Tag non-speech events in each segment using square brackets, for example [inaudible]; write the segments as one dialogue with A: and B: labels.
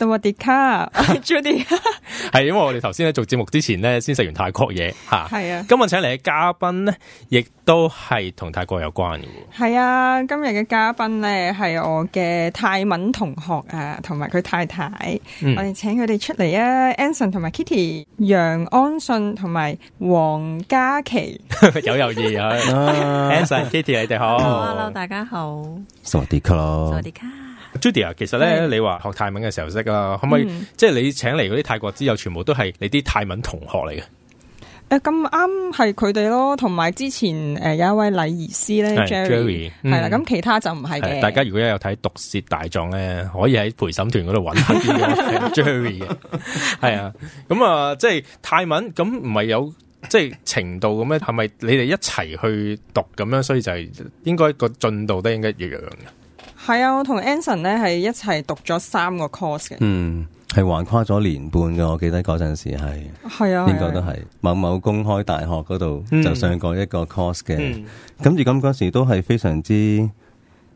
A: Sawadika，Judy，
B: 係因為我哋頭先咧做節目之前咧，先食完泰國嘢吓。係啊，今日請嚟嘅嘉賓咧，亦都係同泰國有關嘅。
A: 係啊，今日嘅嘉賓咧係我嘅泰文同學啊，同埋佢太太，我哋請佢哋出嚟啊，Anson 同埋 Kitty、楊安信同埋黃嘉琪，
B: 有有嘢啊。 [laughs] Anson、Kitty，你哋好 hello，Hello，
C: 大
A: 家好
B: Sawadika，Sawadika。Judy 啊，其實咧的你話學泰文嘅時候識啊，可唔可以即係你請嚟嗰啲泰國之友，全部都係你啲泰文同學嚟
A: 嘅？誒、嗯，咁啱係佢哋咯，同埋之前誒有一位禮儀師咧，Jerry 係啦，咁、嗯、其他就唔係嘅。大
B: 家如果有睇《毒舌大狀》咧，可以喺陪審團嗰度揾下啲 Jerry 嘅。係啊， [laughs] 咁啊，即係泰文咁唔係有即係程度咁咧？係咪你哋一齊去讀咁樣？所以就係應該、就是、個進度都應該一樣嘅。
A: 係啊，我同 Anson 咧係一齊讀咗三個 course 嘅，
D: 嗯，係橫跨咗年半嘅，我記得嗰陣時係，
A: 係啊，應該都係、
D: 啊啊、某某公開大學嗰度就上過一個 course 嘅，咁、嗯嗯、而咁嗰時都係非常之。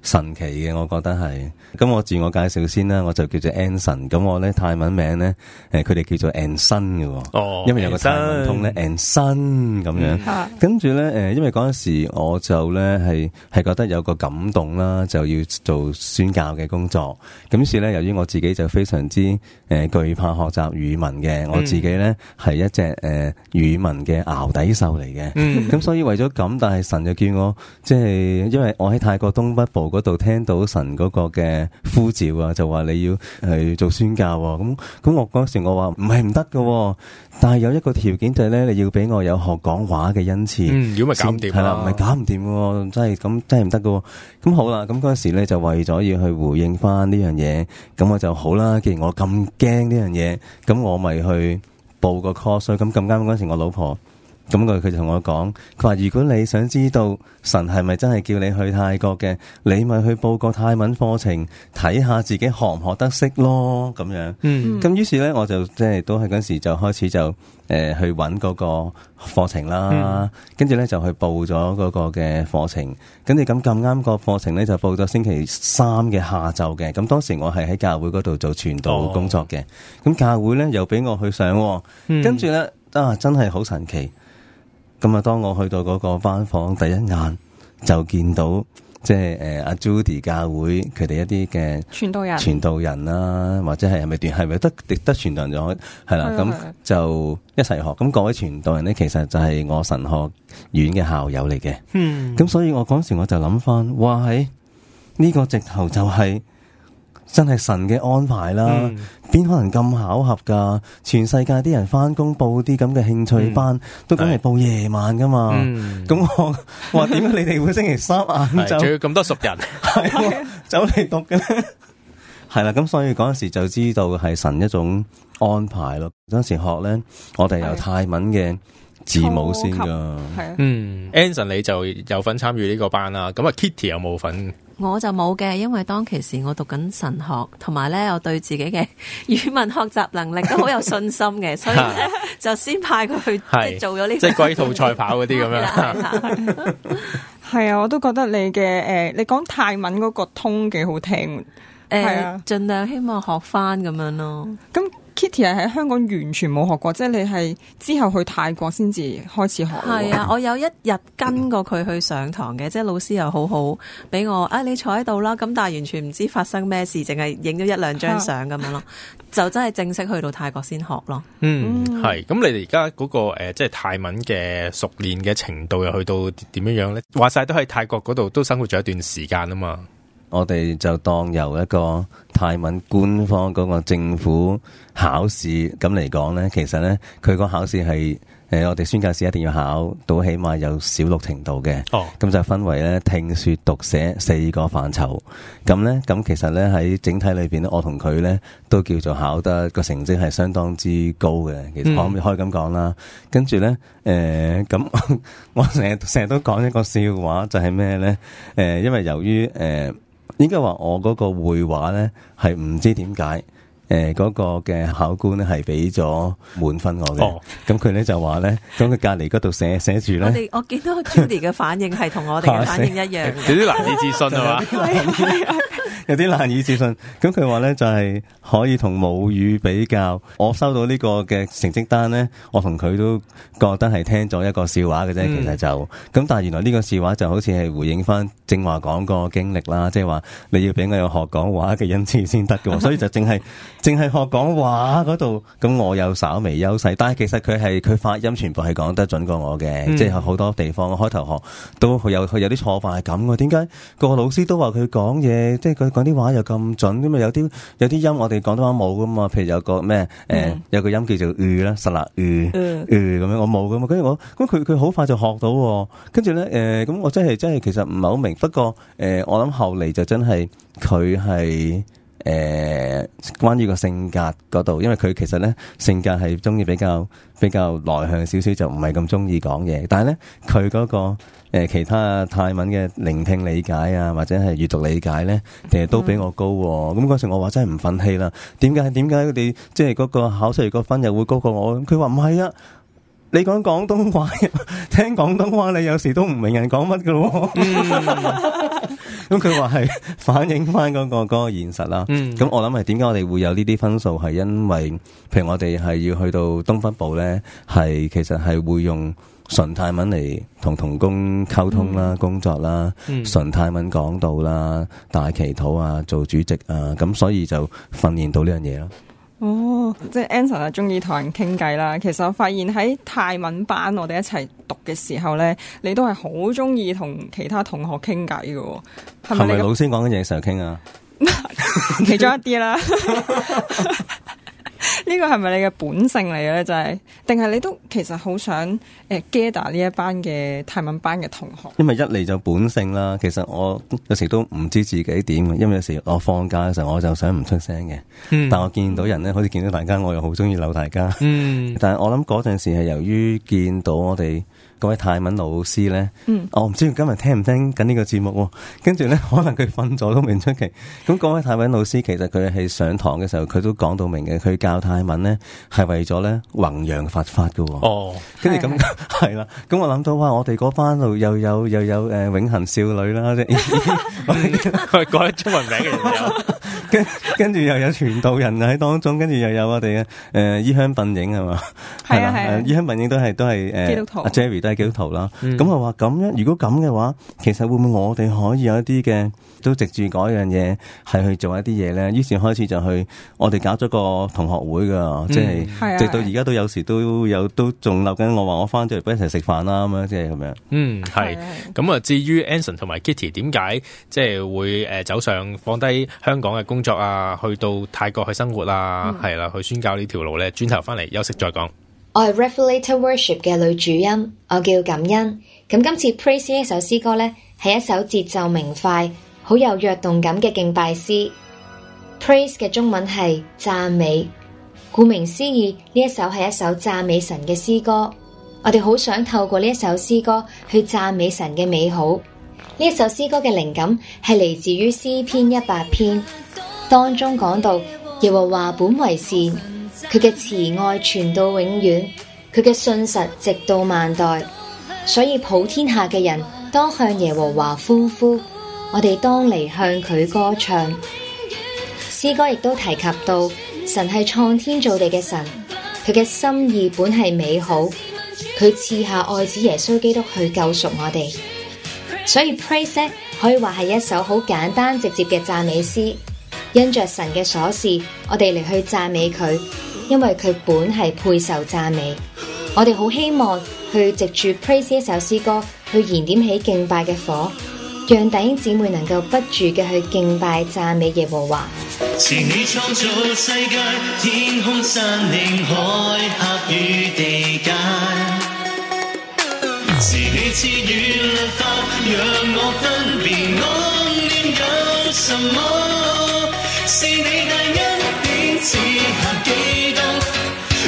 D: 神奇嘅，我覺得係。咁我自我介紹先啦，我就叫做 Anson。咁我咧泰文名咧，誒佢哋叫做 Anson 嘅，
E: 因為有個泰文通咧
D: Anson 咁樣。跟住咧誒，因為嗰陣時我就咧係係覺得有個感動啦，就要做宣教嘅工作。咁於是咧，由於我自己就非常之誒懼怕學習語文嘅，我自己咧係一隻誒語文嘅淆底獸嚟嘅。咁所以為咗咁，但係神就叫我即係，因為我喺泰國東北部。嗰度聽到神嗰個嘅呼召啊，就話你要去做宣教喎。咁咁我嗰時我話唔係唔得嘅，但係有一個條件就係、是、咧，你要俾我有學講話嘅恩賜。嗯，如果搞唔掂，係啦，咪搞唔掂喎，真係咁真係唔得嘅。咁好啦，咁嗰時咧就為咗要去回應返呢樣嘢，咁我就好啦。既然我咁驚呢樣嘢，咁我咪去報個 course。咁咁啱嗰陣時，我老婆。咁佢佢就同我講，佢話：如果你想知道神係咪真係叫你去泰國嘅，你咪去報個泰文課程，睇下自己學唔學得識咯咁樣。咁、嗯、於是咧，我就即係都係嗰時就開始就誒、呃、去揾嗰個課程啦。跟住咧就去報咗嗰個嘅課程。跟住咁咁啱個課程咧就報咗星期三嘅下晝嘅。咁當時我係喺教會嗰度做傳道工作嘅。咁、哦、教會咧又俾我去上喎。跟住咧啊，真係好神奇！咁啊！當我去到嗰個班房，第一眼就見到即係誒阿 Judy 教會佢哋一啲嘅
A: 傳道人，傳
D: 道人啦，或者係係咪？係咪得得傳道人咗係啦？咁就一齊學。咁各位傳道人咧，其實就係我神學院嘅校友嚟嘅。嗯。咁所以，我嗰時我就諗翻，哇！喺、這、呢個直頭就係、是。真係神嘅安排啦，邊、嗯、可能咁巧合噶？全世界啲人翻工報啲咁嘅興趣班，嗯、都梗係報夜晚噶嘛？咁、嗯、我話點解你哋會星期三晏晝仲要咁多熟人係 [laughs] 走嚟讀嘅？係 [laughs] 啦，咁所以嗰陣時就知道係神一種安排咯。嗰陣時學咧，
B: 我哋由泰文嘅字母先噶。係啊，嗯 a n s o n 你就有份參與呢個班啦。咁啊，Kitty 有冇份？
C: 我就冇嘅，因為當其時我讀緊神學，同埋咧我對自己嘅語文學習能力都好有信心嘅， [laughs] 所以呢
A: [laughs] 就先派佢去做咗呢 [laughs] 即係龜兔賽
B: 跑嗰啲咁樣。
A: 係 [laughs] [laughs] 啊，我都覺得你嘅誒，你講泰文嗰個 tone 幾好聽誒，呃、係啊、盡量希望學翻咁樣咯。咁、嗯。Kitty 係喺香港完全冇學過，即係你係之後去泰國先至開始學。係啊，我有一日跟過佢去上
C: 堂嘅，即係老師又好好俾我啊、哎，你坐喺度啦。咁但係完全唔知發生咩事，淨係影咗一兩張相咁樣咯，啊、就真係正式去到泰國先學咯。嗯，
E: 係。
B: 咁你哋而家嗰個、呃、即係泰文嘅熟練嘅程度又去到點樣樣咧？話晒都喺泰國嗰度都生活咗一段時間啊嘛。
D: 我哋就當由一個泰文官方嗰個政府考試咁嚟講呢，其實呢，佢個考試係誒、呃、我哋宣教士一定要考到起碼有小六程度嘅，咁、哦、就分為咧聽説讀寫四個範疇。咁呢。咁其實呢，喺整體裏邊咧，我同佢呢都叫做考得個成績係相當之高嘅。其實可唔可以可咁講啦？嗯、跟住呢，誒、呃、咁， [laughs] 我成日成日都講一個笑話，就係咩呢？誒、呃，因為由於誒。呃應該話我嗰，呃，那個會話咧係唔知點解，誒嗰個嘅考官咧係俾咗滿分我嘅，咁佢咧就話咧，咁佢隔籬嗰度寫寫住囉，
C: 我我見到 Judy 嘅反應係同
E: 我哋嘅反應一樣，有啲難以
C: 置信啊嘛。 [laughs]
E: [laughs] [laughs]
D: [laughs] 有啲難以置信，咁佢話呢就係可以同母語比較。我收到呢個嘅成績單呢，我同佢都覺得係聽咗一個笑話嘅啫。其實就咁，但係原來呢個笑話就好似係回應翻正話講過經歷啦，即係話你要俾我學講話嘅恩賜先得嘅，所以就淨係淨係學講話嗰度，咁我有稍微優勢。但係其實佢係佢發音全部係講得準過我嘅，即係好多地方開頭學都有佢有啲錯犯係咁嘅。點解個老師都話佢講嘢，即係佢？講啲話又咁準，咁啊有啲有啲音我哋廣東話冇噶嘛，譬如有個咩誒、呃、有個音叫做遇啦，呃，實啦遇遇咁樣，我冇噶嘛，跟住我咁佢佢好快就學到，跟住咧誒咁我真係真係其實唔係好明，不過誒、呃、我諗後嚟就真係佢係誒關於個性格嗰度，因為佢其實咧性格係中意比較比較內向少少，就唔係咁中意講嘢，但係咧佢嗰個。誒、呃、其他泰文嘅聆聽理解啊，或者係閲讀理解咧，其、呃、實都比我高，啊。咁嗰、嗯、時我話真係唔忿氣啦。點解？點解佢哋即係嗰個考出嚟個分又會高過我？佢話唔係啊，你講廣東話，聽廣東話，你有時都唔明人講乜噶咯。咁佢話係反映翻嗰、那個嗰個嗰、嗰個現實啦。咁、嗯、我諗係點解我哋會有呢啲分數？係因為譬如我哋係要去到東北部咧，係其實係會用。純泰文嚟，同同工溝通啦，嗯、工作啦，純、嗯、泰文講到啦，大祈禱啊，做主席啊，咁所以就訓練到呢樣嘢啦。
A: 哦，即係 Anson 啊，中意同人傾偈啦。其實我發現喺泰文班我哋一齊讀嘅時候咧，你都係好中意同其他同學傾偈噶。係咪老
D: 師講嘅嘢成日傾啊？
A: [laughs] 其中一啲啦。 [laughs] 呢個係咪你嘅本性嚟嘅咧，就係定係你都其實好想誒 gather 呢一班嘅泰文班嘅同學？
D: 因為一嚟就本性啦，其實我有時都唔知自己點嘅，因為有時我放假嘅時候我就想唔出聲嘅，嗯、
E: 但我見
D: 到人咧，好似見到大家我又好中意留大家，
E: 嗯、
D: 但係我諗嗰陣時係由於見到我哋。嗰位泰文老師咧，我唔知今日聽唔聽緊呢個節目，跟住咧可能佢瞓咗都未出奇。咁嗰位泰文老師其實佢係上堂嘅時候，佢都講到明嘅，佢教泰文咧係為咗咧弘揚佛法嘅。哦，
E: 跟住咁
D: 係啦。咁我諗到哇，我哋嗰班度又又有又有誒永恆少女啦，即係
E: 佢講得出名嘅人。跟
D: 跟住又有傳道人喺當中，跟住又有我哋嘅誒衣香鬢影係嘛？係啊係，衣香鬢影都係都係誒，阿 Jerry 都係。幾圖啦？咁我話咁樣，如果咁嘅話，其實會唔會我哋可以有一啲嘅，都藉住嗰樣嘢係去做一啲嘢咧？於是開始就去，我哋搞咗個同學會噶，即係、嗯啊、直到而家都有時都
B: 有都仲留緊。我話我翻咗嚟，不如一齊食飯啦咁樣，即係咁樣。嗯，係。咁啊，至於 Anson 同埋 Kitty 點解即係會誒走上放低香港嘅工作啊，去到泰國去生活啊，係啦、嗯啊，去宣教條呢條路咧，轉頭翻嚟休息再講。
F: 我係 Revelator Worship 嘅女主音，我叫錦欣。咁今次 Praise 呢首詩歌呢，係一首節奏明快、好有躍動感嘅敬拜詩。Praise 嘅中文係讚美，顧名思義，呢一首係一首讚美神嘅詩歌。我哋好想透過呢首詩歌去讚美神嘅美好。呢首詩歌嘅靈感係嚟自於詩篇一百篇當中講到耶和華本為善。佢嘅慈愛傳到永遠，佢嘅信實直到萬代，所以普天下嘅人當向耶和華歡呼，我哋當嚟向佢歌唱。詩歌亦都提及到神係創天造地嘅神，佢嘅心意本係美好，佢賜下愛子耶穌基督去救贖我哋，所以 Praise it 可以話係一首好簡單直接嘅讚美詩，因着神嘅所是，我哋嚟去讚美佢。因為佢本係配受讚美，我哋好希望去藉住 praise 呢首詩歌，去燃點起敬拜嘅火，讓弟兄姊妹能夠不住嘅去敬拜讚美耶和華。
E: 是你創造世界，天空山嶺海峽與地界，是你賜予律法，讓我分辨我念有什麼，是你大一點賜下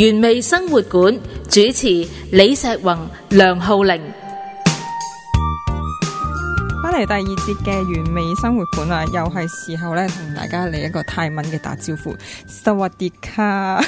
C: 原味生活館主持李錫宏、梁
A: 浩玲。.第二節嘅完美生活館啊，又係時候咧同大家嚟一個泰文嘅打招呼。Sawadeeka，係啊，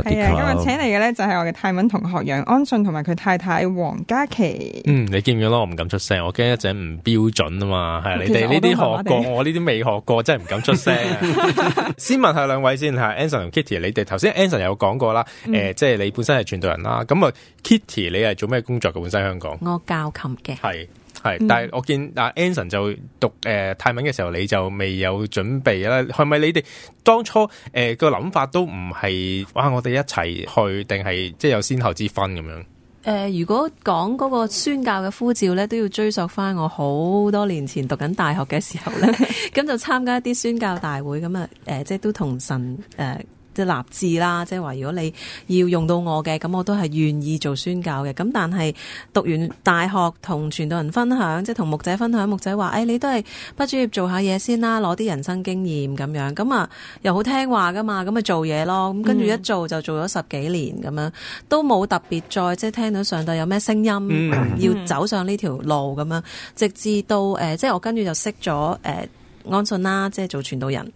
A: [laughs] 今日請嚟嘅咧就係我嘅泰文同學楊安信同埋佢太太黃嘉琪。
B: 嗯，你見唔見到？我唔敢出聲，我驚一陣唔標準啊嘛。係啊，你哋呢啲學過，我呢啲未學過，真係唔敢出聲，啊。 [laughs] [laughs] 先問下兩位先吓，Anson 同 Kitty，你哋頭先 Anson 有講過啦，誒、嗯呃，即係你本身係傳道人啦。咁啊，Kitty，你係做咩工作噶？本身香港，
C: 我教琴嘅。係。
B: 係，但係我見阿 Anson 就讀誒、呃、泰文嘅時候，你就未有準備啦。係咪你哋當初誒、呃嗰個諗法都唔係哇？我哋一齊去，定係即係有先後之分咁樣？
C: 誒、呃，如果講嗰個宣教嘅呼召咧，都要追溯翻，我好多年前讀緊大學嘅時候咧，咁 [laughs] [laughs] 就參加一啲宣教大會，咁啊，誒，即係都同神誒。呃即立志啦，即係話如果你要用到我嘅，咁我都係願意做宣教嘅。咁但係讀完大學同傳道人分享，即係同木仔分享，木仔話：哎「誒，你都係畢咗業做下嘢先啦，攞啲人生經驗，咁樣，咁啊，又好聽話噶嘛，咁咪做嘢咯。咁跟住一做就做咗十幾年咁樣，都冇特別再即係聽到上帝有咩聲音 [laughs] 要走上呢條路咁樣，直至到誒、呃，即係我跟住就識咗誒。呃安信啦，即係做傳道人。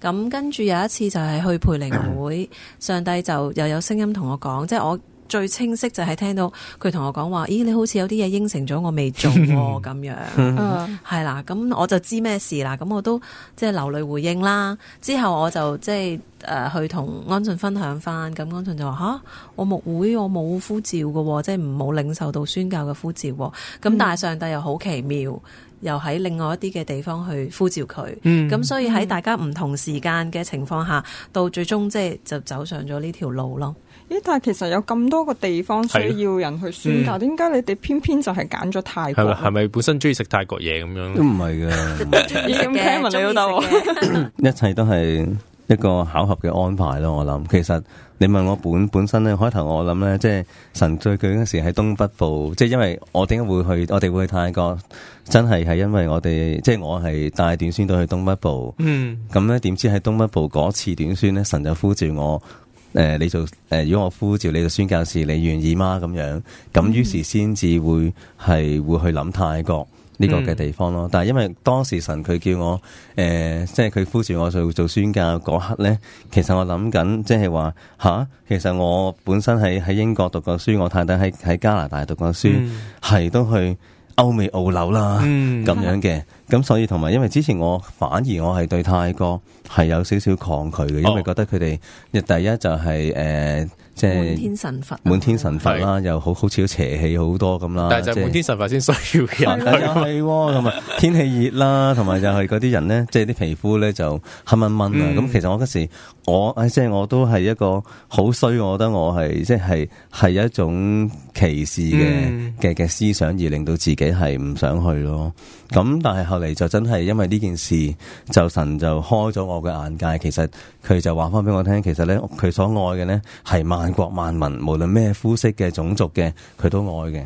C: 咁跟住有一次就係去培靈會， [laughs] 上帝就又有聲音同我講，即係我最清晰就係聽到佢同我講話，咦，你好似有啲嘢應承咗我未做咁、啊、樣，係啦， [laughs] [laughs] 咁我就知咩事啦。咁我都即係流淚回應啦。之後我就即係誒去同安信分享翻，咁安信就話吓，我木會我冇呼召噶，即係唔冇領受到宣教嘅呼召。咁 [laughs] 但係上帝又好奇妙。又喺另外一啲嘅地方去呼召佢，咁、嗯、所以喺大家唔同時間嘅情況下，嗯、到最終即係
A: 就走上咗呢條路咯。咦？但係其實有咁多個地方需要人去選擇，點解、嗯、你哋偏偏就係揀咗泰國？係
B: 咪本身中意食泰國嘢咁、嗯、 [laughs] 樣
D: aman？ [laughs] 都唔係㗎，依
E: 件題問你老豆。
D: 一切都係一個巧合嘅安排咯，我諗其實。你問我本本身咧，開頭我諗咧，即係神最佢嗰時喺東北部，即係因為我點解會去，我哋會去泰國，真係係因為我哋，即係我係帶短宣到去東北部，嗯，咁咧點知喺東北部嗰次短宣咧，神就呼召我，誒、呃，你做，誒、呃，如果我呼召你做宣教士，你願意嗎？咁樣，咁於是先至會係會去諗泰國。呢個嘅地方咯，但係因為當時神佢叫我誒、呃，即係佢呼召我做做宣教嗰刻呢，其實我諗緊，即係話吓，其實我本身喺喺英國讀過書，我太太喺喺加拿大讀過書，係、嗯、都去歐美澳紐啦，咁、嗯、樣嘅，咁 [laughs] 所以同埋，因為之前我反而我係對泰國係有少少抗拒嘅，因為覺得佢哋第一就係、是、誒。呃即係滿
C: 天神佛，滿
D: 天神佛啦，對 又好好似好邪氣好多咁啦。但係就係滿天
B: 神佛先需要
C: 人。係
D: 喎，咁啊，喔、 [laughs] 天氣熱啦，同埋 [laughs] 就係嗰啲人咧，即係啲皮膚咧就黑蚊蚊啊。咁、嗯、其實我嗰時。我誒，即係我都係一個好衰，我覺得我係即係係一種歧視嘅嘅嘅思想，而令到自己係唔想去咯。咁但係後嚟就真係因為呢件事，就神就開咗我嘅眼界。其實佢就話翻俾我聽，其實咧佢所愛嘅咧係萬國萬民，無論咩膚色嘅種族嘅，佢都愛嘅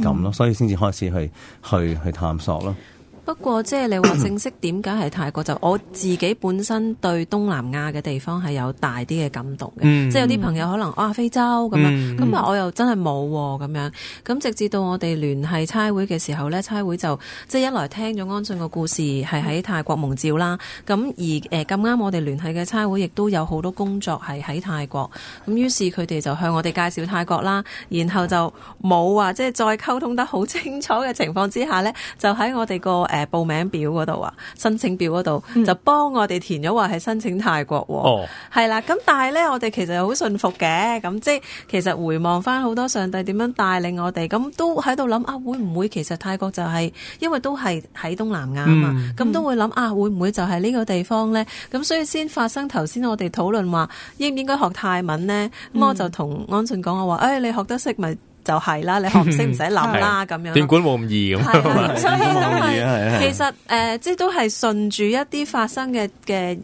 D: 咁咯。所以先至開始去去去探索咯。
C: [noise] 不過，即、就、係、是、你話正式點解係泰國？就 [coughs] 我自己本身對東南亞嘅地方係有大啲嘅感動嘅， [coughs] 即係有啲朋友可能啊非洲咁樣，咁啊我又真係冇咁樣。咁直至到我哋聯繫差會嘅時候呢，差會就，差會就即係一來聽咗安信嘅故事係喺泰國蒙照啦。咁而誒咁啱，呃、我哋聯繫嘅差會亦都有好多工作係喺泰國。咁於是佢哋就向我哋介紹泰國啦，然後就冇話即係再溝通得好清楚嘅情況之下呢，就喺我哋個，嗯誒、呃、報名表嗰度啊，申請表嗰度、嗯、就幫我哋填咗話係申請泰國喎、哦，係啦、哦。咁但係呢，我哋其實好信服嘅，咁即係其實回望返好多上帝點樣帶領我哋，咁都喺度諗啊，會唔會其實泰國就係、是、因為都係喺東南亞啊嘛，咁、嗯、都會諗啊，會唔會就係呢個地方呢？咁所以先發生頭先我哋討論話應唔應該學泰文呢？咁、嗯、我就同安信講我話，誒、哎、你學得識咪？就係啦，你學識唔使諗啦，咁 [music] 樣。電管
B: 冇咁易咁 [laughs] 吧，所以都係其實
C: 誒、呃，即係都係順住一啲發生嘅嘅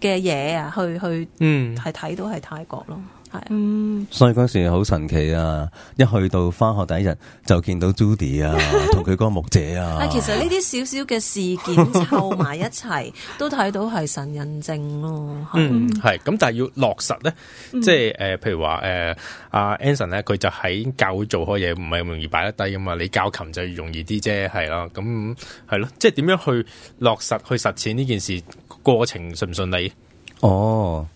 C: 嘅嘢啊，去去，嗯，係睇到係泰國咯。係，嗯、
D: 所以嗰時好神奇啊！一去到翻學第一日就見到 Judy 啊，同佢嗰個牧者啊。啊，其實呢啲
C: 少少嘅事件湊埋一齊，都睇到係神印證咯。嗯，
B: 係，咁但係要落實咧，即係誒，譬如話誒，阿 Anson 咧，佢就喺教會做開嘢，唔係咁容易擺得低噶嘛。你教琴就容易啲啫，係咯，咁係咯，即係點樣去落實去實踐呢件事？過程順唔順利？
D: 哦。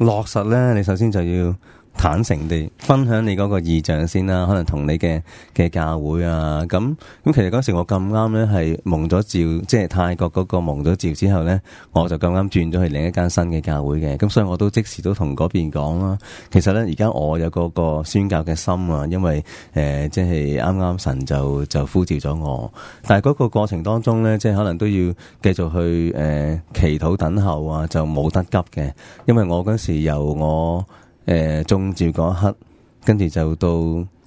D: 落實呢，你首先就要，坦誠地分享你嗰個異象先啦，可能同你嘅嘅教會啊，咁咁其實嗰時我咁啱咧係蒙咗召，即係泰國嗰個蒙咗召之後咧，我就咁啱轉咗去另一間新嘅教會嘅，咁所以我都即時都同嗰邊講啦。其實咧，而家我有嗰個，個宣教嘅心啊，因為誒、呃，即係啱啱神就就呼召咗我，但係嗰個過程當中咧，即係可能都要繼續去誒、呃、祈禱等候啊，就冇得急嘅，因為我嗰時由我。誒、呃，中照嗰刻，跟住就到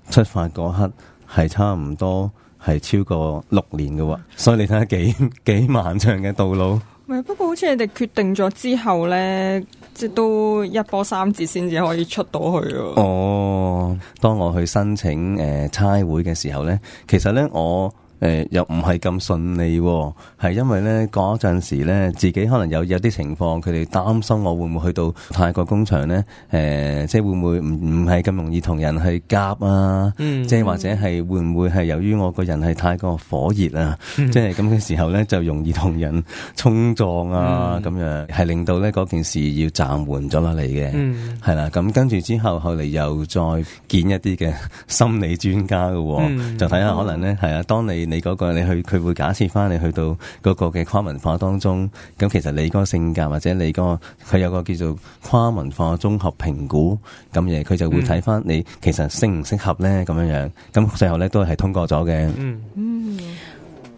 D: 出發嗰刻，係差唔多係超過六年嘅，所以你睇下幾幾漫長嘅道路。
A: 係、嗯，不過好似你哋決定咗之後咧，即係都一波三折先至可以出到去
D: 啊。哦，當我去申請誒差、呃、會嘅時候咧，其實咧我。誒、呃、又唔係咁順利，哦，係因為咧嗰陣時咧，自己可能有有啲情況，佢哋擔心我會唔會去到泰國工場咧？誒、呃、即係會唔會唔唔係咁容易同人去夾啊？即係、嗯、或者係會唔會係由於我個人係太過火熱啊？嗯、即係咁嘅時候咧，就容易同人衝撞啊咁、嗯、樣，係令到咧嗰件事要暫緩咗落嚟嘅、嗯。係啦，咁跟住之後後嚟又再見一啲嘅心理專家嘅、哦，嗯嗯、就睇下可能咧，係啊，當你。你嗰個，你去，佢會假設返你去到嗰個嘅跨文化當中，咁其實你個性格或者你個佢有個叫做跨文化綜合評估，咁嘢佢就會睇返你其實適唔適合呢。咁樣樣，咁最後呢都係通過咗嘅。嗯。嗯
C: 嗯。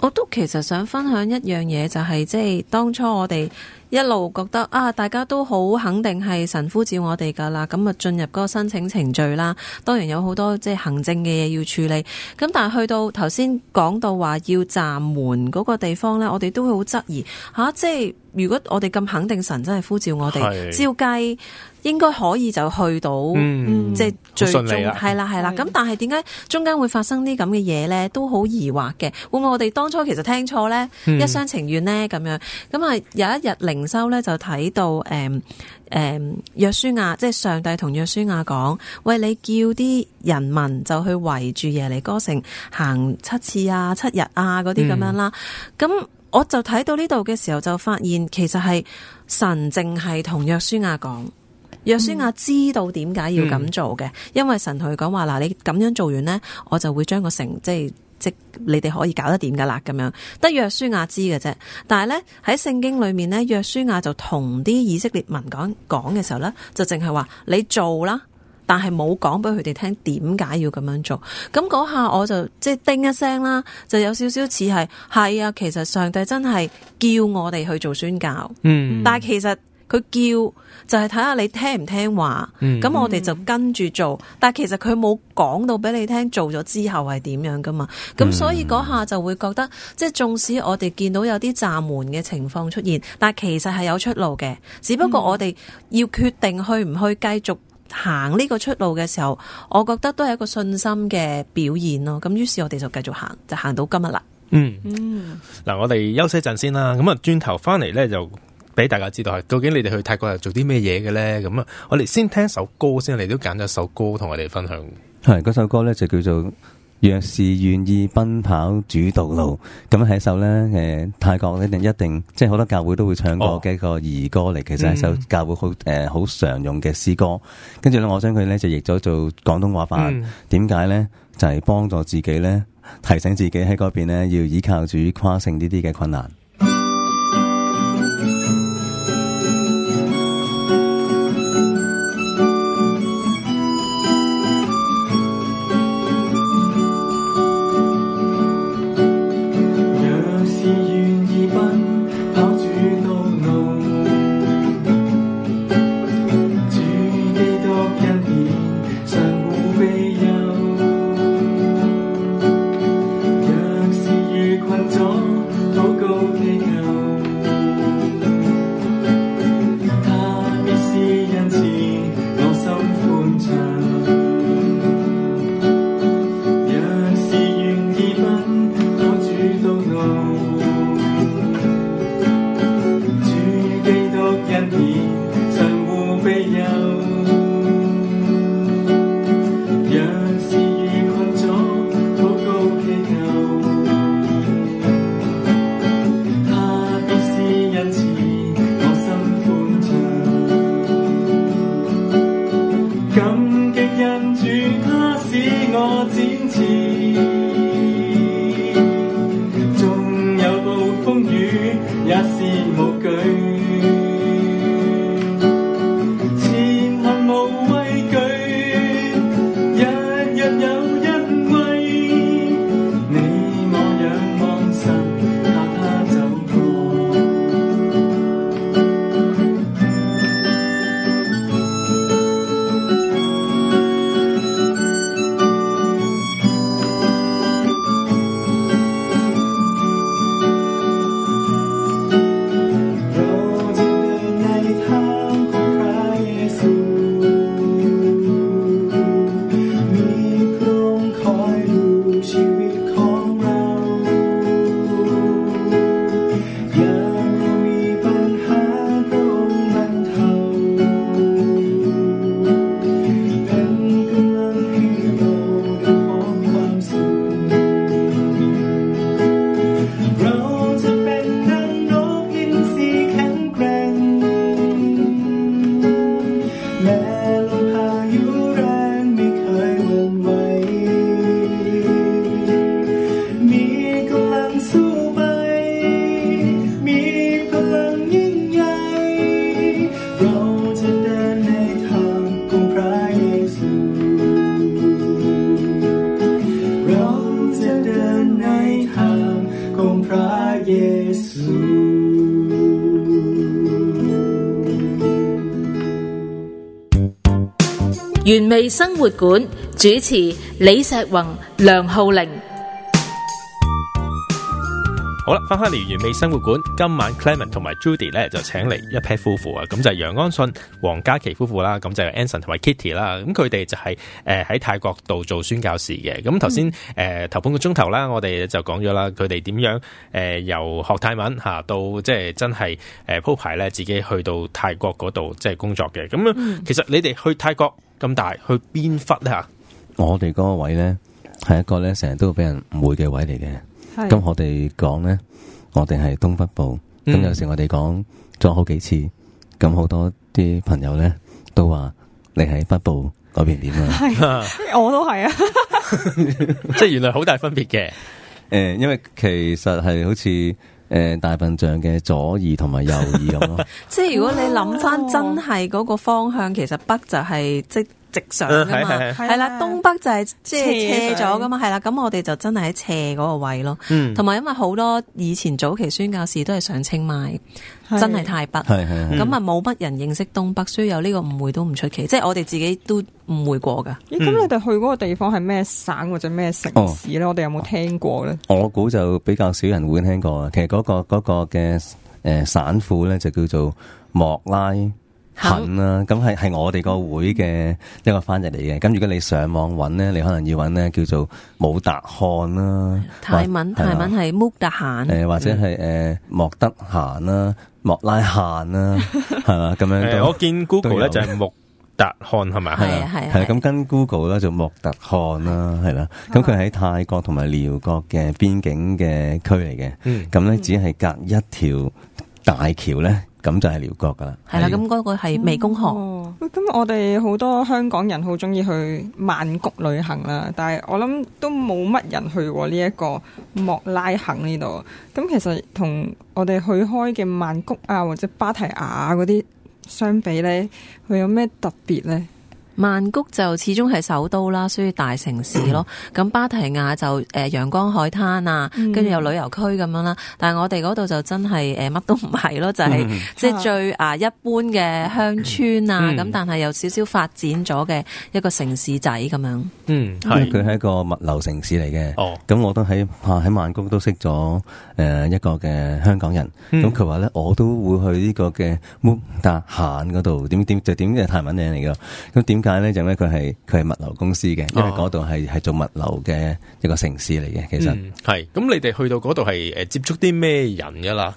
C: 我都其實想分享一樣嘢，就係即係當初我哋一路覺得啊，大家都好肯定係神呼召我哋㗎喇，咁啊進入嗰個申請程序啦。當然有好多即係行政嘅嘢要處理。咁但係去到頭先講到話要暫緩嗰個地方呢，我哋都會好質疑吓、啊？即係如果我哋咁肯定神真係呼召我哋，是照計。應該可以就去到，即係、嗯、最終係啦係啦。咁但係點解中間會發生啲咁嘅嘢呢？都好疑惑嘅。會唔會我哋當初其實聽錯呢？一廂情願呢？咁、嗯、樣咁啊？有一日靈修呢，就睇到誒誒、嗯嗯、約書亞，即係上帝同約書亞講：喂，你叫啲人民就去圍住耶利哥城行七次啊，七日啊嗰啲咁樣啦。咁、嗯、我就睇到呢度嘅時候，就發現其實係神淨係同約書亞講。約書亞知道點解要咁做嘅，嗯、因為神同佢講話嗱，你咁樣做完呢，我就會將個城，即係即你哋可以搞得掂噶啦，咁樣，得約書亞知嘅啫。但係咧喺聖經裏面咧，約書亞就同啲以色列民講講嘅時候咧，就淨係話你做啦，但係冇講俾佢哋聽點解要咁樣做。咁嗰下我就即係叮一聲啦，就有少少似係係啊，其實上帝真係叫我哋去做宣教，嗯，但係其實。佢叫就係睇下你聽唔聽話，咁、嗯、我哋就跟住做。嗯、但係其實佢冇講到俾你聽，做咗之後係點樣噶嘛？咁、嗯、所以嗰下就會覺得，即係縱使我哋見到有啲閘門嘅情況出現，但係其實係有出路嘅。只不過我哋要決定去唔去繼續行呢個出路嘅時候，我覺得都係一個信心嘅表現咯。咁於是我哋就繼續行，就行到今日啦。嗯嗯，
B: 嗱、嗯嗯，我哋休息一陣先啦。咁啊，轉頭翻嚟咧就。俾大家知道係究竟你哋去泰國係做啲咩嘢嘅咧？咁啊，我哋先聽首歌先，你都揀咗首歌同我哋分享。
D: 係嗰首歌咧就叫做《若是願意奔跑主道路》，咁係、哦、一首咧。誒、呃，泰國咧定一定即係好多教會都會唱過嘅一個兒歌嚟。哦、其實係一首教會好誒好常用嘅詩歌。跟住咧，我將佢咧就譯咗做廣東話版。點解咧？就係、是、幫助自己咧，提醒自己喺嗰邊咧要依靠主，誇勝呢啲嘅困難。
C: 原味生活館主持李石宏、梁浩玲，
B: 好啦，返返嚟原味生活館，今晚 Clement 同埋 Judy 咧就請嚟一 pair 夫婦啊，咁就係楊安信、黃嘉琪夫婦啦，咁就 Anson 同埋 Kitty 啦、就是，咁佢哋就係誒喺泰國度做宣教士嘅。咁頭先誒頭半個鐘頭啦，我哋就講咗啦，佢哋點樣誒由學泰文吓、啊、到即係真係誒鋪排咧，自己去到泰國嗰度即係工作嘅。咁啊，其實你哋去泰國。咁大去邊忽咧？
D: 我哋嗰個位咧，係一個咧成日都會俾人誤會嘅位嚟嘅。咁是、嗯、我哋講咧，我哋係東北部。咁有時我哋講咗好幾次，咁好多啲朋友咧都話你喺北部嗰邊點
B: 啊？我都係啊， [laughs] 啊 [laughs] 即係原來好大分別嘅。
D: 誒、呃，因為其實係好似。誒、呃，大笨象嘅左耳同埋右耳咁咯，
C: 即係如果你諗翻 [laughs] 真係嗰個方向，其實北就係即直，直上噶嘛，係啦，東北就係即係斜咗噶水嘛，係啦，咁我哋就真係喺斜嗰個位咯，嗯，同埋因為好多以前早期宣教士都係上清邁。是真係泰北，咁啊冇乜人認識東北，所以有呢個誤會都唔出奇。即係我哋自
A: 己都誤會過噶。咦、嗯？咁你哋去嗰個地方係咩省或者咩城市咧？哦、我哋有冇聽過咧？
D: 我估就比較少人會聽過啊。其實嗰、那個、那個嘅誒、呃、省府咧就叫做莫拉肯啦。咁係係我哋個會嘅一個翻譯嚟嘅。咁如果你上網搵咧，你可能要搵咧叫做武達漢啦。泰文或泰文係
C: 穆達罕，誒嗎、嗯、或者
D: 係誒、呃、莫德罕啦。嗯莫拉罕啦，係嘛，咁樣都我見 Google 咧就係
B: 莫達漢係咪啊？係係，
D: 咁跟 Google 咧就莫達漢啦，係啦。咁佢喺泰國同埋寮國嘅邊境嘅區嚟嘅，咁咧只係隔一條大橋咧。咁就係寮國噶啦，係啦的。
A: 咁嗰個係湄公河。咁、嗯嗯、我哋好多香港人好中意去曼谷旅行啦，但係我諗都冇乜人去過呢一個莫拉行呢度。咁其實同我哋去開嘅曼谷啊或者芭提雅嗰啲相比呢，佢有咩特別呢？
C: 曼谷就始終係首都啦，所以大城市咯。咁芭提雅就誒陽光海灘啊，跟住有旅遊區咁樣啦。但係我哋嗰度就真係誒乜都唔係咯，就係即係最啊一般嘅鄉村啊。咁但係又少少發展咗嘅一個城市仔咁樣。
D: 嗯，係佢係一個物流城市嚟嘅。哦，咁我都喺啊喺曼谷都識咗誒一個嘅香港人。咁佢話咧，我都會去呢個嘅曼達閒嗰度點點就點嘅泰文嘅嚟㗎。咁點？但呢，就咧佢係佢係物流公司嘅，因為嗰度係係做物流嘅一個城市嚟嘅。其實
B: 係咁，嗯、你哋去到嗰度係誒接觸啲咩人噶啦？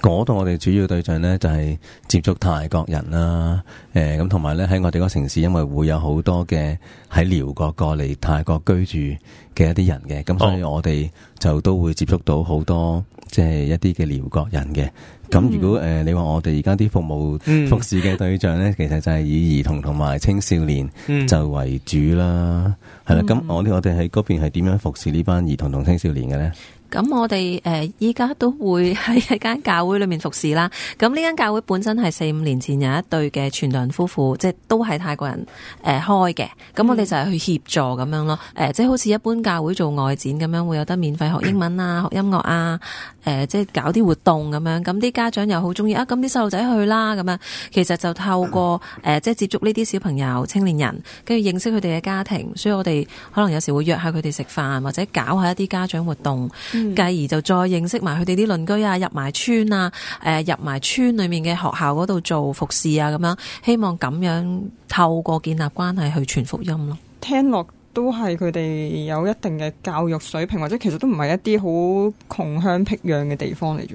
D: 嗰度我哋主要對象呢，就係、是、接觸泰國人啦。誒、呃，咁同埋呢，喺我哋嗰個城市，因為會有好多嘅喺寮國過嚟泰國居住嘅一啲人嘅，咁、哦、所以我哋就都會接觸到好多。即係一啲嘅寮國人嘅，咁如果誒、呃，你話我哋而家啲服務服侍嘅對象呢，嗯、其實就係以兒童同埋青少年就為主啦，係啦、嗯。咁我哋我哋喺嗰邊係點樣服侍呢班兒童同青少年嘅呢？
C: 咁我哋誒依家都會喺一間教會裏面服侍啦。咁呢間教會本身係四五年前有一對嘅傳道人夫婦，即係都係泰國人誒、呃、開嘅。咁我哋就係去協助咁樣咯。誒、呃，即係好似一般教會做外展咁樣，會有得免費學英文啊、學音樂啊。誒、呃，即係搞啲活動咁樣。咁啲家長又好中意啊，咁啲細路仔去啦咁樣。其實就透過誒、呃，即係接觸呢啲小朋友、青年人，跟住認識佢哋嘅家庭。所以我哋可能有時會約下佢哋食飯，或者搞下一啲家長活動。嗯。繼而就再認識埋佢哋啲鄰居啊，入埋村啊，誒入埋村裏面嘅學校嗰度做服侍啊，咁樣希望咁樣透過建立關係去傳福音咯。
A: 聽落都係佢哋有一定嘅教育水平，或者其實都唔係一啲好窮鄉僻壤嘅地方嚟啫。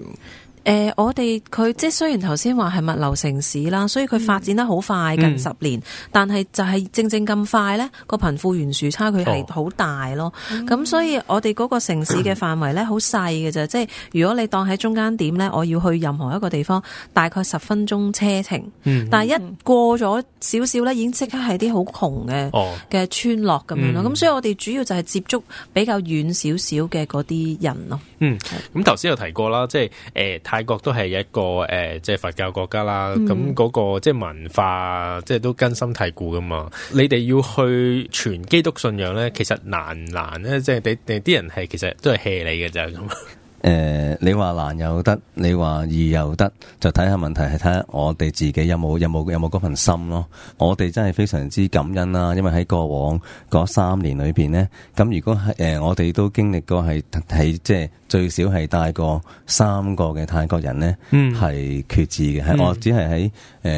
A: 誒，我哋
C: 佢即係雖然頭先話係物流城市啦，所以佢發展得好快，近十年。但係就係正正咁快咧，個貧富懸殊差距係好大咯。咁所以我哋嗰個城市嘅範圍咧，好細嘅啫。即係如果你當喺中間點咧，我要去任何一個地方，大概十分鐘車程。但係一過咗少少咧，已經即刻係啲好窮嘅嘅村落咁樣咯。咁所以我哋主要就係接觸比較遠少少嘅嗰啲人咯。嗯，
B: 咁頭先有提過啦，即係誒泰國都係一個誒，即、呃、係、就是、佛教國家啦。咁嗰、嗯那個即係、就是、文化，即、就、係、是、都根深蒂固噶嘛。你哋要去傳基督信仰咧，其實難唔難咧？即、就、係、是、你你啲人係其實都係 hea 你嘅咋咁。 [laughs]
D: 誒、呃，你話難又得，你話易又得，就睇下問題係睇下我哋自己有冇有冇有冇嗰份心咯。我哋真係非常之感恩啦，因為喺過往嗰三年裏邊呢，咁如果係誒、呃，我哋都經歷過係喺即係最少係帶過三個嘅泰國人呢，係決志嘅。係、嗯、我只係喺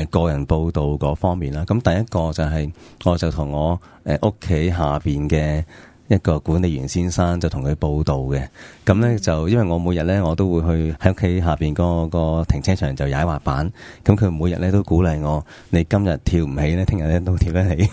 D: 誒個人報道嗰方面啦。咁第一個就係、是，我就同我誒屋企下邊嘅一個管理員先生就同佢報道嘅。咁咧就因為我每日咧我都會去喺屋企下邊嗰個停車場就踩滑板，咁佢每日咧都鼓勵我，你今日跳唔起咧，聽日咧都跳得起。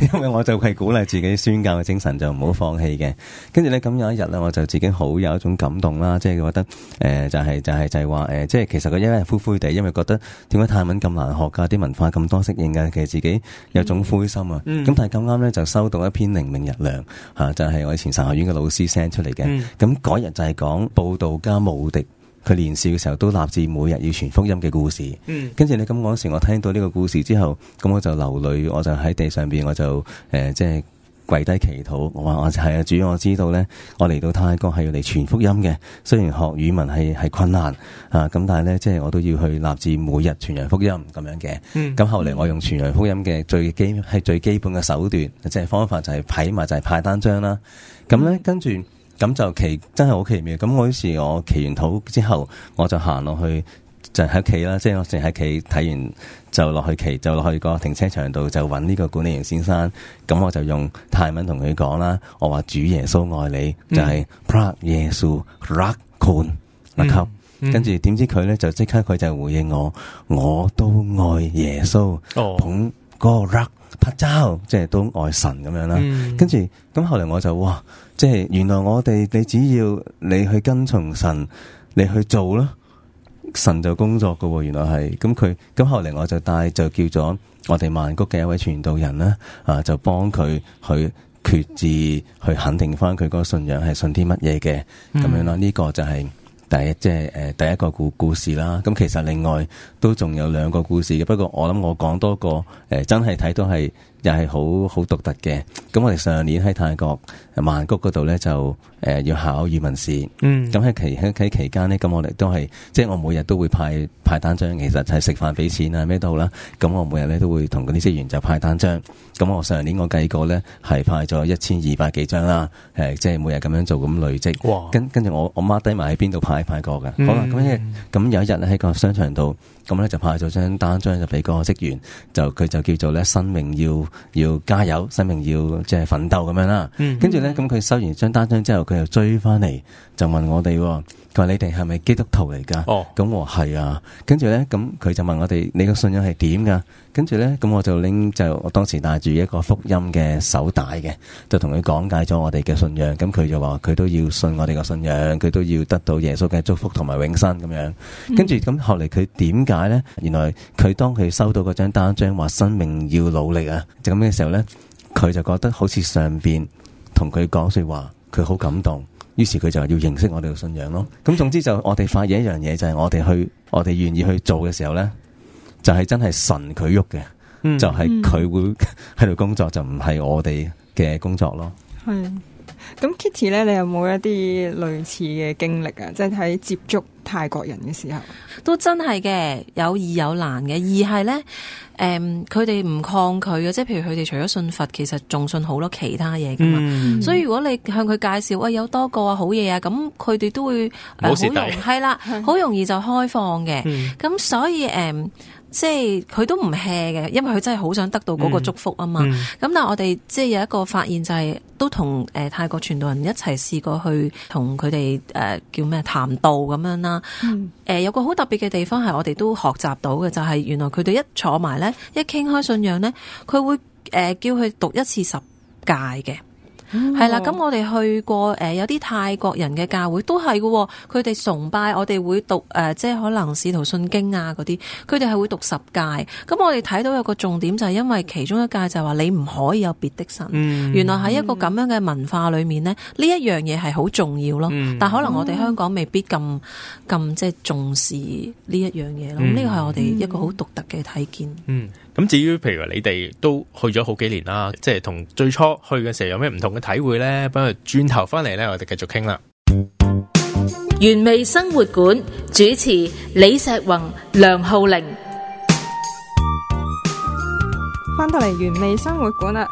D: [laughs] 因為我就係鼓勵自己，宣教嘅精神就唔好放棄嘅。跟住咧咁有一日咧，我就自己好有一種感動啦，即、就、係、是、覺得誒、呃、就係、是、就係、是、就係話誒，即、呃、係其實佢因為灰灰地，因為覺得點解泰文咁難學㗎，啲文化咁多適應㗎，其實自己有種灰心啊、嗯。嗯。咁但係咁啱咧就收到一篇《靈命日糧》嚇，就係、是、我以前神學院嘅老師 send 出嚟嘅。咁、嗯嗰日就係講報道加無敵，佢年少嘅時候都立志每日要傳福音嘅故事。嗯，跟住你咁講時，我聽到呢個故事之後，咁我就流淚，我就喺地上邊，我就誒、呃、即係跪低祈禱。我話我係啊，主，要我知道呢，我嚟到泰國係要嚟傳福音嘅。雖然學語文係係困難啊，咁但係呢，即係我都要去立志每日傳揚福音咁樣嘅。咁、嗯、後嚟我用傳揚福音嘅最基係最基本嘅手段，即係方法就係睇埋就係派單張啦。咁呢，跟住。跟咁就奇真係好奇妙。咁我嗰時我祈完禱之後，我就行落去就喺屋企啦。即、就、係、是、我成日喺屋企睇完就落去企，就落去個停車場度就揾呢個管理員先生。咁我就用泰文同佢講啦。我話主耶穌愛你，嗯、就係 Prak 耶穌 Rak Khun，拉扣。跟住點知佢咧就即刻佢就回應我，我都愛耶穌，哦、捧哥拉。拍招，即係都愛神咁樣啦。跟住咁，後嚟我就哇，即係原來我哋，你只要你去跟從神，你去做啦，神就工作噶喎。原來係咁，佢咁後嚟我就帶就叫咗我哋曼谷嘅一位傳道人啦，啊，就幫佢去決志，去肯定翻佢嗰個信仰係信啲乜嘢嘅咁樣啦。呢個就係。第一即係誒、呃、第一個故故事啦，咁其實另外都仲有兩個故事嘅，不過我諗我講多個誒、呃、真係睇到係。又係好好獨特嘅，咁我哋上年喺泰國曼谷嗰度咧就誒、呃、要考語文試，咁喺、嗯、期喺喺期間呢，咁我哋都係即係我每日都會派派單張，其實係食飯俾錢啊咩都好啦，咁我每日咧都會同嗰啲職員就派單張，咁我上年我計過咧係派咗一千二百幾張啦，誒即係每日咁樣做咁累積，哇 跟跟住我我媽低埋喺邊度派派過嘅、嗯嗯啊，好啦咁，咁、嗯、有一日咧喺個商場度。咁咧就派咗張單張就俾個職員，就佢就叫做咧生命要要加油，生命要即係、就是、奮鬥咁樣啦。跟住咧，咁佢、嗯、收完張單張之後，佢又追翻嚟，就問我哋。佢話你哋係咪基督徒嚟噶？哦，咁我係啊。跟住呢，咁佢就問我哋你個信仰係點噶？跟住呢，咁我就拎，就我當時帶住一個福音嘅手帶嘅，就同佢講解咗我哋嘅信仰。咁佢就話佢都要信我哋個信仰，佢都要得到耶穌嘅祝福同埋永生咁樣。跟住咁後嚟，佢點解呢？原來佢當佢收到嗰張單張話生命要努力啊，就咁嘅時候呢，佢就覺得好似上邊同佢講說話，佢好感動。於是佢就係要認識我哋嘅信仰咯，咁總之就我哋發現一樣嘢就係我哋去，我哋願意去做嘅時候咧，就係真係神佢喐嘅，嗯、就係佢會喺度工作，就唔係我哋嘅工作咯。係。
A: 咁 Kitty 咧，你有冇一啲類似嘅經歷啊？即係喺接觸泰國人嘅時候，都
C: 真係嘅，有易有難嘅。二係咧，誒、嗯，佢哋唔抗拒嘅，即係譬如佢哋除咗信佛，其實仲信好多其他嘢噶嘛。嗯、所以如果你向佢介紹，喂、哎，有多個啊，好嘢啊，咁佢哋都會好、呃、容易係啦，好 [laughs] 容易就開放嘅。咁、嗯、所以誒。嗯即係佢都唔 hea 嘅，因為佢真係好想得到嗰個祝福啊嘛。咁、嗯嗯、但係我哋即係有一個發現，就係、是、都同誒、呃、泰國傳道人一齊試過去同佢哋誒叫咩談道咁樣啦。誒、嗯呃、有個好特別嘅地方係我哋都學習到嘅，就係、是、原來佢哋一坐埋咧，一傾開信仰咧，佢會誒、呃、叫佢讀一次十戒嘅。係啦，咁、嗯、我哋去過誒、呃、有啲泰國人嘅教會都係㗎，佢哋崇拜我哋會讀誒、呃，即係可能使徒信經啊嗰啲，佢哋係會讀十戒。咁我哋睇到有個重點就係、是、因為其中一戒就係話你唔可以有別的神。嗯、原來喺一個咁樣嘅文化裏面呢，呢一、嗯、樣嘢係好重要咯。嗯、但可能我哋香港未必咁咁即係重視呢一樣嘢咯。呢個係我哋一個好獨特嘅體見嗯。嗯。
B: 咁至於譬如話你哋都去咗好幾年啦，即係同最初去嘅時候有咩唔同嘅體會咧不如轉頭翻嚟咧我哋繼續傾啦。
C: 原味生活館主持李石
A: 宏、梁浩玲，翻到嚟原味生活館啦。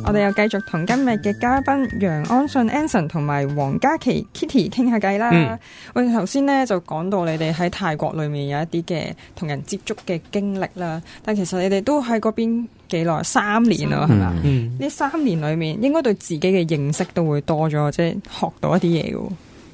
A: [noise] [noise] 我哋又繼續同今日嘅嘉賓楊安信 Anson 同埋黃嘉琪 Kitty 傾下偈啦。喂、嗯，頭先咧就講到你哋喺泰國裏面有一啲嘅同人接觸嘅經歷啦。但其實你哋都喺嗰邊幾耐？三年啊，係嘛？呢、嗯嗯、三年裏面，應該對自己嘅認識都會多咗，即係學到一啲嘢嘅。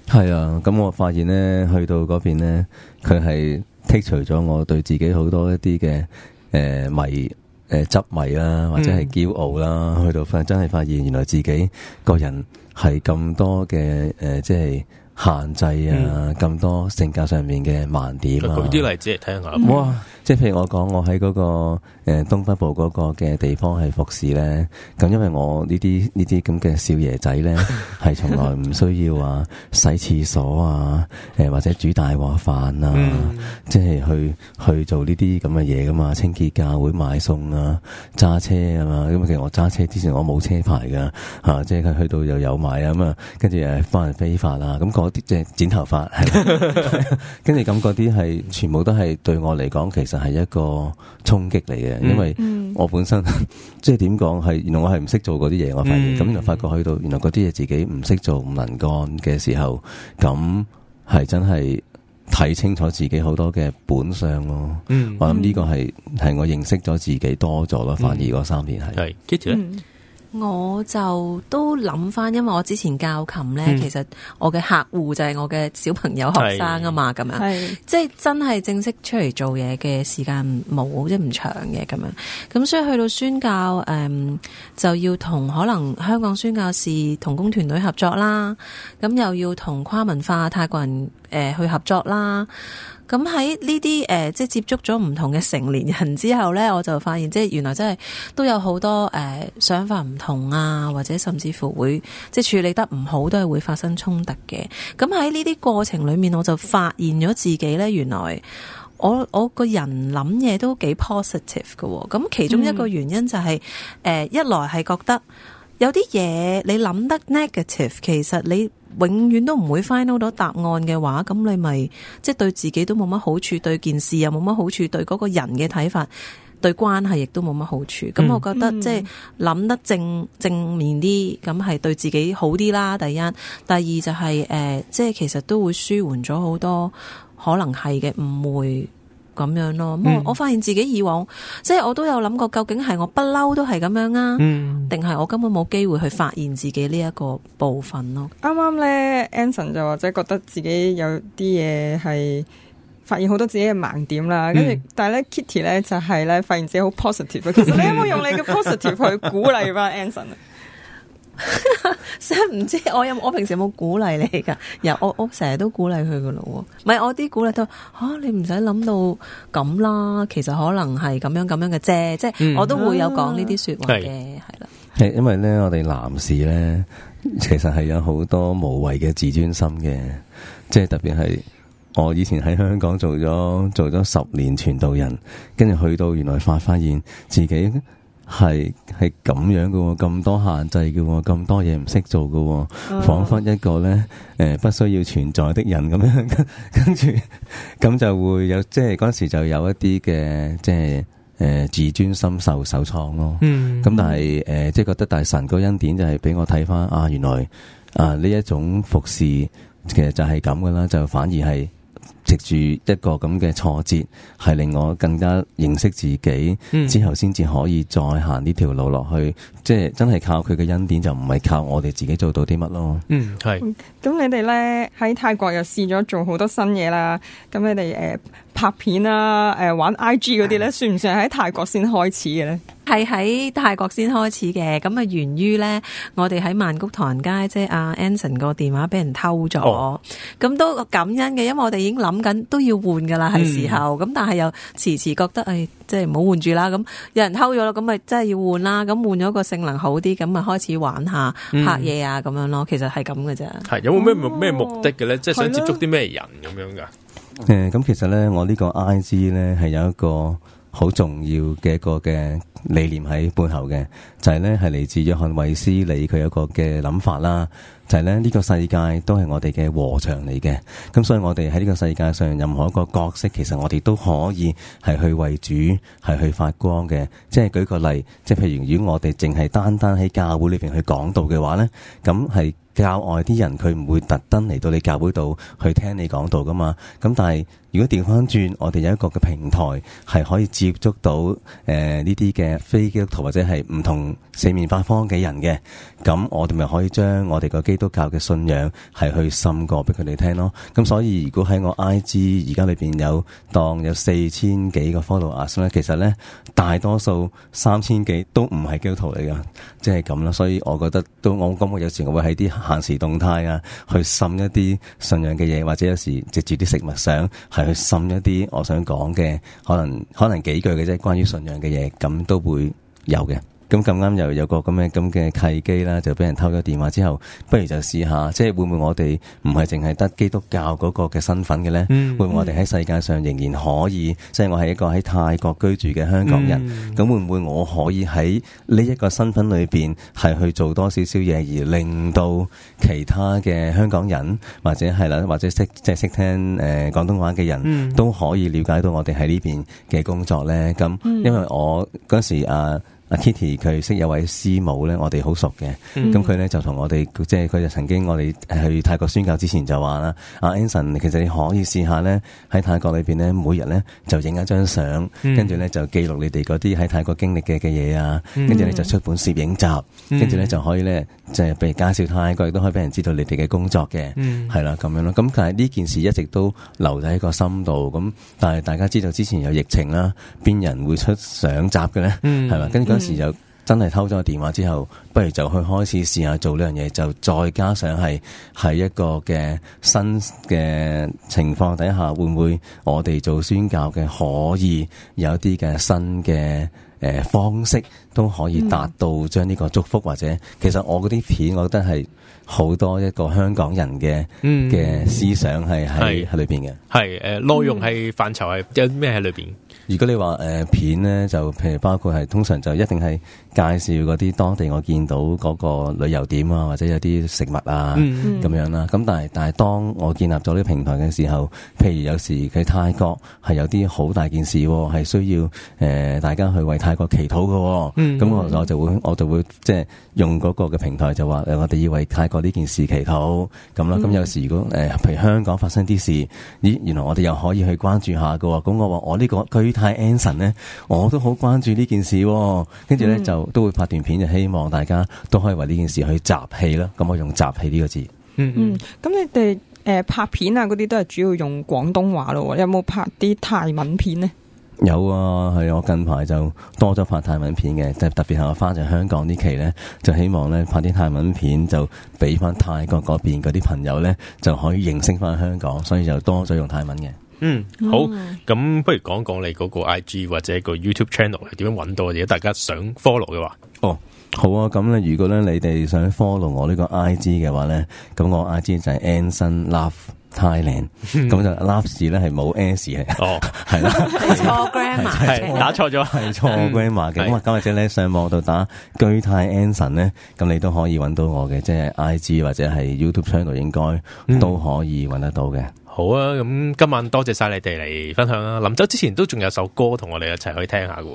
D: 係啊，咁我發現咧，去到嗰邊咧，佢係剔除咗我對自己好多一啲嘅誒迷。誒，執、呃、迷啦、啊，或者係驕傲啦、啊，嗯、去到發真係發現，原來自己個人係咁多嘅誒、呃，即係限制啊，咁、嗯、多性格上面嘅盲點啊，舉啲例
B: 子嚟聽下、嗯。哇
D: 即係譬如我講，我喺嗰，那個誒、呃、東北部嗰個嘅地方係服侍咧，咁因為我這這呢啲呢啲咁嘅少爺仔咧，係從 [laughs] 來唔需要啊洗廁所啊，誒、呃、或者煮大鑊飯啊、嗯、啊，啊，啊，即係去去做呢啲咁嘅嘢噶嘛，清潔教會買餸啊，揸車啊嘛，咁其實我揸車之前我冇車牌噶吓，即係佢去到又有買啊，咁啊跟住誒翻嚟飛髮啊，咁嗰啲即係剪頭髮， [laughs] [laughs] [laughs] 跟住咁嗰啲係全部都係對我嚟講，其實。係一個衝擊嚟嘅，因為我本身、嗯、 [laughs] 即係點講，係原來我係唔識做嗰啲嘢，嗯、我發現咁就、嗯、發覺去到原來嗰啲嘢自己唔識做唔能幹嘅時候，咁係真係睇清楚自己好多嘅本相咯。嗯、我諗呢個係係、嗯、我認識咗自己多咗咯，嗯、反而嗰三年係。
B: 係，跟住呢？
C: 我就都諗翻，因為我之前教琴呢，嗯、其實我嘅客戶就係我嘅小朋友學生啊嘛，咁的樣，即係的真係正式出嚟做嘢嘅時間冇，即係唔長嘅咁樣，咁所以去到宣教，誒、嗯，就要同可能香港宣教士同工團隊合作啦，咁又要同跨文化泰國人誒、呃、去合作啦。咁喺呢啲誒，即係、呃、接觸咗唔同嘅成年人之後呢，我就發現即係原來真係都有好多誒、呃、想法唔同啊，或者甚至乎會即係處理得唔好，都係會發生衝突嘅。咁喺呢啲過程裡面，我就發現咗自己呢，原來我我個人諗嘢都幾 positive 嘅、哦。咁其中一個原因就係、是、誒、嗯呃、一來係覺得有啲嘢你諗得 negative，其實你，永遠都唔會 find 到答案嘅話，咁你咪即係對自己都冇乜好處，對件事又冇乜好處，對嗰個人嘅睇法，對關係亦都冇乜好處。咁、嗯、我覺得、嗯、即係諗得正正面啲，咁係對自己好啲啦。第一，第二就係、是、誒、呃，即係其實都會舒緩咗好多可能係嘅誤會。咁樣咯，咁、嗯、我發現自己以往，即係我都有諗過，究竟係我不嬲都係咁樣啊，定係、嗯、我根本冇機會去發現自己呢一個部分咯。
A: 啱啱咧，Anson 就或者覺得自己有啲嘢係發現好多自己嘅盲點啦，跟住、嗯，但係咧 Kitty 咧就係、是、咧發現自己好 positive，其實你有冇用你嘅 positive [laughs] 去鼓勵翻 Anson 啊？An 唔 [laughs] 知我有冇，我平時有冇鼓
C: 勵你噶？又我我成日都鼓勵佢噶咯喎。唔係我啲鼓勵都吓、啊，你唔使諗到咁啦。其實可能係咁樣咁樣嘅啫。即係、嗯啊、我都會有講呢啲說話嘅，
E: 係
D: 啦的。係的因為咧，我哋男士咧，其實係有好多無謂嘅自尊心嘅。即係 [laughs] 特別係我以前喺香港做咗做咗十年傳道人，跟住去到原來發發現自己。係係咁樣嘅、哦，咁多限制嘅、哦，咁多嘢唔識做嘅、哦，oh. 仿佛一個咧誒、呃，不需要存在的人咁樣，跟住咁就會有，即係嗰時就有一啲嘅，即係誒、呃、自尊心受受創咯。
E: 咁、mm. 但係
D: 誒、呃，即係覺得大神個恩典就係俾我睇翻啊，原來啊呢一種服侍其實就係咁噶啦，就反而係。藉住一個咁嘅挫折，係令我更加認識自己，之後先至可以再行呢條路落去。即係真係靠佢嘅恩典，就唔係靠我哋自己做到啲乜咯。嗯，係。
A: 咁你哋咧喺泰國又試咗做好多新嘢啦。咁你哋誒、呃拍片啊，誒玩 IG 嗰啲咧，算唔算喺泰國先開始嘅咧？係喺泰國
C: 先開始嘅，咁啊源於咧，我哋喺曼谷唐人街，即係阿 Anson 個電話俾人偷咗，咁、哦、都感恩嘅，因為我哋已經諗緊都要換噶啦，係時候，咁、嗯、但係又遲遲覺得誒、哎，即係唔好換住啦，咁有人偷咗咯，咁咪真係要換啦，咁換咗個性能好啲，咁咪開始玩下、嗯、拍嘢啊，咁樣咯，其實係咁嘅啫。
B: 係、哦嗯、有冇咩目咩目的嘅咧？即係想接觸啲咩人咁樣噶？
D: 誒，咁、嗯嗯、其實咧，我呢個 I G 咧係有一個好重要嘅一個嘅理念喺背後嘅，就係咧係嚟自約翰衛斯理佢有個嘅諗法啦。就係咧，呢個世界都係我哋嘅禾場嚟嘅。咁所以我哋喺呢個世界上，任何一個角色，其實我哋都可以係去為主，係去發光嘅。即係舉個例，即係譬如，如果我哋淨係單單喺教會裏邊去講道嘅話呢，咁係教外啲人，佢唔會特登嚟到你教會度去聽你講道㗎嘛。咁但係如果掉返轉，我哋有一個嘅平台係可以接觸到誒呢啲嘅非基督徒或者係唔同四面八方嘅人嘅。咁我哋咪可以將我哋個基督教嘅信仰係去滲過俾佢哋聽咯。咁所以如果喺我 IG 而家裏邊有當有四千幾個 followers 咧，其實咧大多數三千幾都唔係基督徒嚟㗎，即係咁啦。所以我覺得都我感覺有時我會喺啲限時動態啊，去滲一啲信仰嘅嘢，或者有時直接啲食物上係去滲一啲我想講嘅，可能可能幾句嘅即係，關於信仰嘅嘢，咁都會有嘅。咁咁啱又有個咁嘅咁嘅契機啦，就俾人偷咗電話之後，不如就試下，即係會唔會我哋唔係淨係得基督教嗰個嘅身份嘅咧？嗯、會唔會我哋喺世界上仍然可以，嗯、即係我係一個喺泰國居住嘅香港人。咁、嗯、會唔會我可以喺呢一個身份裏邊係去做多少少嘢，而令到其他嘅香港人或者係啦，或者識即係識聽誒、呃、廣東話嘅人，嗯、都可以了解到我哋喺呢邊嘅工作咧？咁、嗯嗯、因為我嗰時啊。嗯嗯嗯嗯嗯阿 Kitty 佢識有位師母咧，我哋好熟嘅，咁佢咧就同我哋，即係佢就曾經我哋去泰國宣教之前就話啦，阿 Anson 其實你可以試下咧，喺泰國裏邊咧，每日咧就影一張相，跟住咧就記錄你哋嗰啲喺泰國經歷嘅嘅嘢啊，跟住咧就出本攝影集，跟住咧就可以咧，即係俾介紹泰國亦都可以俾人知道你哋嘅工作嘅，係啦，咁樣咯。咁但係呢件事一直都留喺個心度，咁但係大家知道之前有疫情啦，邊人會出相集嘅咧？係嘛、嗯，跟住、嗯。時就真係偷咗個電話之後，不如就去開始試下做呢樣嘢，就 [noise] 再加上係喺一個嘅新嘅情況底下，會唔會我哋做宣教嘅可以有啲嘅新嘅誒、呃、方式？都可以達到將呢個祝福或者，其實我嗰啲片，我覺得係好多一個香港人嘅嘅、嗯、思想係係喺裏邊嘅。
B: 係誒是、呃、內容係範疇係有咩喺裏邊？
D: 如果你話誒、呃、片呢，就譬如包括係通常就一定係介紹嗰啲當地我見到嗰個旅遊點啊，或者有啲食物啊咁、嗯嗯、樣啦。咁但係但係當我建立咗呢個平台嘅時候，譬如有時喺泰國係有啲好大件事，係需要誒、呃、大家去為泰國祈禱嘅。嗯。咁我、嗯、我就會、嗯、我就會即係用嗰個嘅平台就話誒我哋要為泰國呢件事祈禱咁啦。咁、嗯、有時如果誒譬如香港發生啲事，咦原來我哋又可以去關注下㗎喎。咁我話我個居呢個居泰 Anson 咧，我都好關注呢件事、哦。跟住咧就都會拍段片，就希望大家都可以為呢件事去集氣啦。咁我用集氣呢個字。嗯嗯，
A: 咁你哋誒拍片啊嗰啲都係主要用廣東話咯。有冇拍啲泰文片呢？
D: 有啊，係我近排就多咗拍泰文片嘅，即係特特別係我翻咗香港呢期呢，就希望呢拍啲泰文片，就俾翻泰國嗰邊嗰啲朋友呢，就可以認識翻香港，所以就多咗用泰文嘅。嗯，
B: 好，咁不如講講你嗰個 I G 或者個 YouTube channel 係點樣揾到，如果大家想 follow 嘅話。哦，
D: 好啊，咁呢，如果呢你哋想 follow 我呢個 I G 嘅話呢，咁我 I G 就係 Anson Love。泰蘭咁就 Laps 咧，係冇 S 嘅， 哦，係啦，
E: 錯 grammar 係打錯
D: 咗，係錯 grammar 嘅。咁啊，咁或者咧上網度打巨泰 Anson 咧，咁你都可以揾到我嘅，即、就、係、是、I G 或者係 YouTube channel 應該
B: 都可以揾得到嘅。嗯、好啊，咁今晚多謝晒你哋嚟分享啦、啊。臨走之前都仲有首歌同我哋一齊去聽下嘅。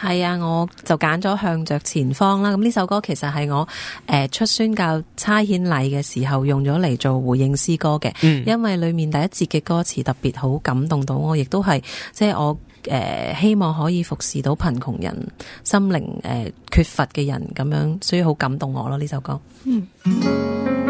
C: 係啊，我就揀咗「向着前方」啦。咁呢首歌其實係我誒、呃、出宣教差遣禮嘅時候用咗嚟做回應詩歌嘅，嗯、因為裏面第一節嘅歌詞特別好感動到我，亦都係即係我誒、呃、希望可以服侍到貧窮人心靈誒、呃、缺乏嘅人咁樣，所以好感動我咯，呢首歌。嗯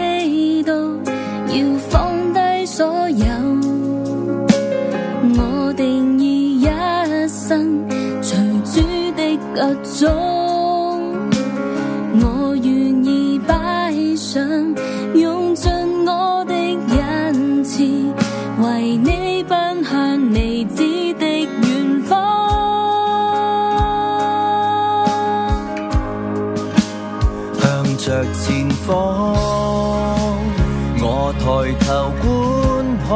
E: 我願意擺上，用盡我的恩賜，為你奔向未知的遠方。向着前方，我抬頭觀看，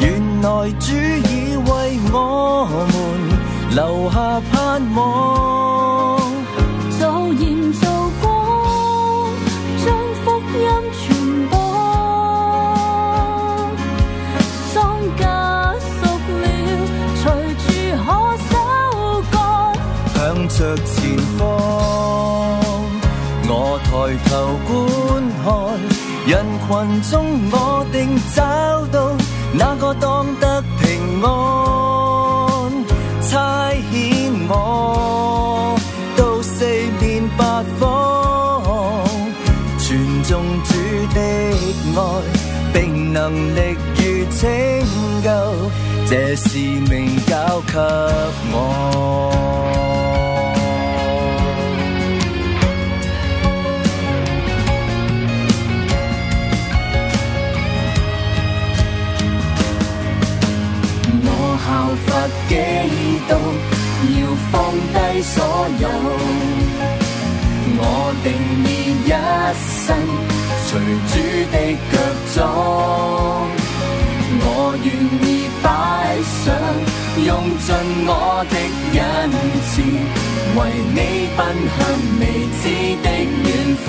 E: 原來主已為我們留下盼望。求觀看人群中，我定找到那個當得平安。差遣我到四面八方，傳種主的愛並能力於拯救，這使命交給我。幾度要放低所有，我定義一生隨主的腳蹤。我願意擺上，用盡我的恩賜，為你奔向未知的遠方。